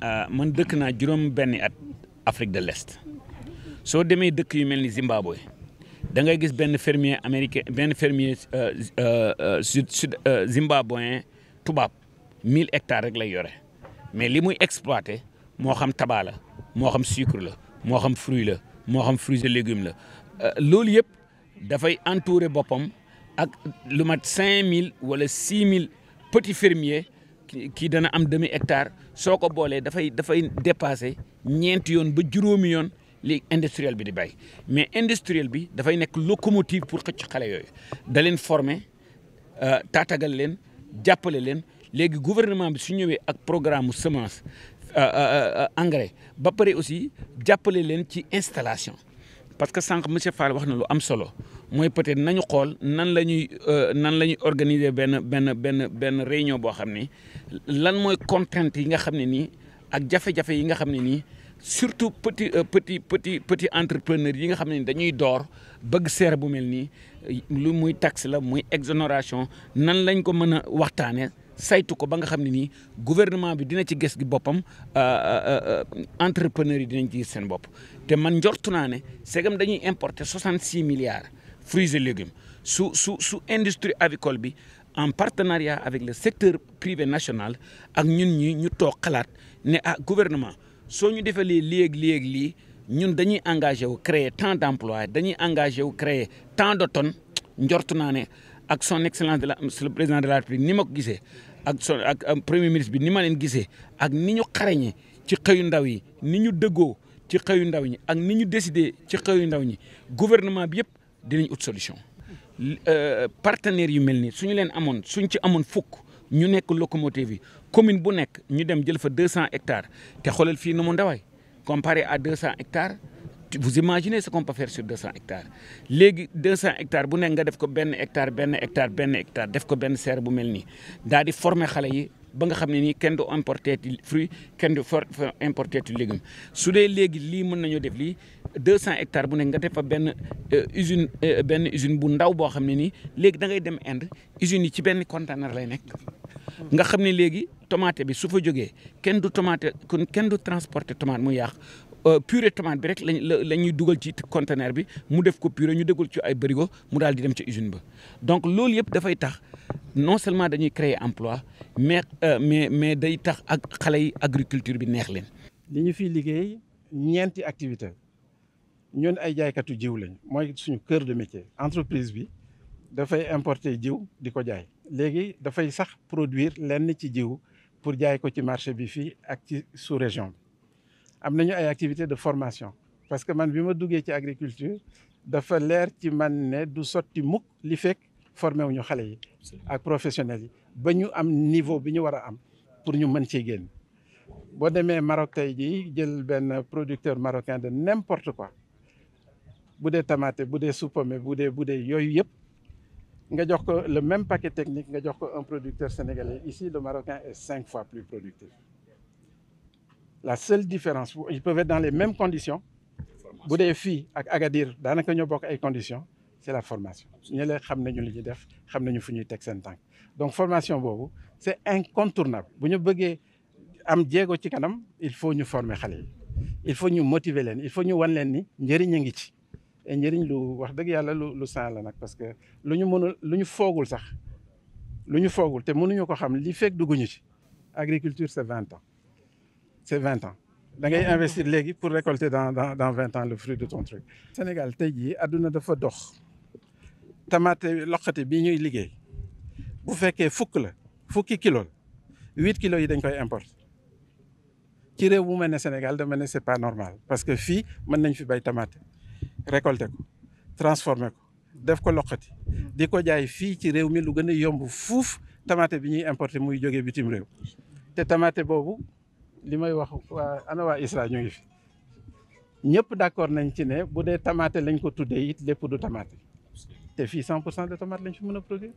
Euh, man dëkk naa juróom benni at Afrique de l'Est soo demee dëkk yu mel ni Zimbabwe da ngay gis benn fermier américain benn fermier euh, euh, sud sud zimbabwéen tubaab 1000 hectares rek lay yore mais li muy exploité moo xam tabac la moo xam sucre la moo xam fruit la moo xam fruits et légumes la loolu yëpp dafay entouré boppam ak lu mat 5000 wala 6000 petits fermiers kii dana am demi hectare bolé da fay da fay dépasser ñent yoon ba juróomi yoon li industriel bi di bay mais industriel bi da fay nek locomotive pour xëcc xalé yooyu da leen former euh, taatagal leen jàppale leen léegi gouvernement bi su ñëwé ak programme mu euh, euh, euh engrais ba paré aussi jàppale leen ci installation parce que sank monsieur Fall wax na lu am solo moy peut-être nañu xool nan lañuy euh, nan lañuy organiser ben, ben, ben, ben réunion bo xam lan moy contrainte yi nga xam Ni ak jafé jafé yi nga xam ni surtout petit euh, petit petit petit entrepreneur yi nga xam dañuy dor bëgg seere bu melni lu muy taxe la muy exonération nan lañ ko mëna a saytu ko ba nga xam ni gouvernement bi dina ci gis gi euh, euh entrepreneur yi dinañ ci sen bop té man njortu né ségam dañuy importer 66 milliards fruits et légumes sous sous sous industrie avicole bi en partenariat avec le secteur privé national ak ñun ñi ñu toog xalaat ne ah gouvernement si nous faisons les léeg li, nous dañuy engagé wu créer tant d'emplois, nous dañuy engagé wu créer tant d'automnes. tonnes njortu ak son excellence de le président de la république ni ma ko ak son euh, premier ministre bi ni ma leen gisee ak ni nous xarañee ci xëyu ndaw yi ni nous dëggoo ci xëyu ndaw ñi ak ni ñu ci ndaw ñi gouvernement bi dinañ ut solution euh, partenaire yu melni suñu len amone suñ ci amone fuk ñu nek locomotive commune bu nek ñu dem jël fa 200 hectares té xolal fi ndaway comparé à 200 hectares vous imaginez ce qu'on peut faire sur 200 hectares légui 200 hectares bu nek nga def ko ben hectare ben hectare ben hectare def ko ben serre bu melni dal former xalé yi ba nga xamné ni do importer fruits kenn do importer légumes su dé légui li mën def 200 hectares bu ne nga def fa benn euh, usine ben usine bu ndaw bo xamni ni nii da ngay dem Inde usine ci ben conteneur lay nek nga xamni ne tomate bi su fa jógee kenn du tomate ken du transporter tomate mu yàq euh, purée tomate bi rek lañuy la ci conteneur bi mu def ko purée ñu déggul ci ay bërigo mu dal di dem ci usine ba donc loolu da fay tax non seulement dañuy créer emploi mais mais mais day tax ak xalé agriculture bi neex leen. li ñu fiy liggéey activité ñun ay jaaykatu jiw lañ mooy suñu cœur de métier entreprise bi dafay importer jiw di ko jaay léegi dafay sax produire lenn ci jiw pour jaay ko ci marché bi fii ak ci sous région bi am nañu ay activités de formation parce que man bi ma duggee ci agriculture dafa leer ci man ne du sotti mukk li fekk formé wuñu xale yi ak professionnels yi ba ñu am niveau bi ñu war a am pour ñu mën cee génn boo demee Maroc tey jii jël benn producteur marocain de n'importe quoi Boudé tamaté, boudé soupe, boudé boudé, bu dee le même paquet technique nga un producteur sénégalais ici le marocain est 5 fois plus productif la seule différence ils peuvent être dans les mêmes conditions Boudé fi des ak Agadir danaka ñu bokk ay conditions c'est la formation ñu la xam nañu li ñuy def xam nañu fu ñuy donc formation c'est incontournable Si bëggé am djégo ci kanam il faut nous former il faut nous motiver il faut nous wan des ni ñëri njëriñ lu wax dëgg yàlla lu lu sant la nag parce que lu ñu mënul lu ñu foogul sax lu ñu foogul te mënuñu ko xam li fekk dugguñu ci agriculture c'est vingt ans c'est vingt ans da ngay investir léegi pour récolter dans dans dans vingt ans le fruit de ton truc. Sénégal tey jii àdduna dafa dox tamaate loqati bi ñuy liggéey bu fekkee fukk la fukki kilo la huit kilos yi dañ koy importer ci réew bu mel ne Sénégal dama ne c'est pas normal parce que fii mën nañ fi bay tamaate. récolté ko transformé ko def ko loqati di ko jaay fii ci réew mi lu gën a yomb fuuf tamaate bi ñuy importé muy jóge bitim réew te tamaate boobu li may wax waa ana waa ISRA ñu ngi fi ñëpp d'accord nañ ci ne bu dee tamaate lañ ko tuddee it lépp du tamaate te fii 100 pour cent de tomate lañ fi mën a produire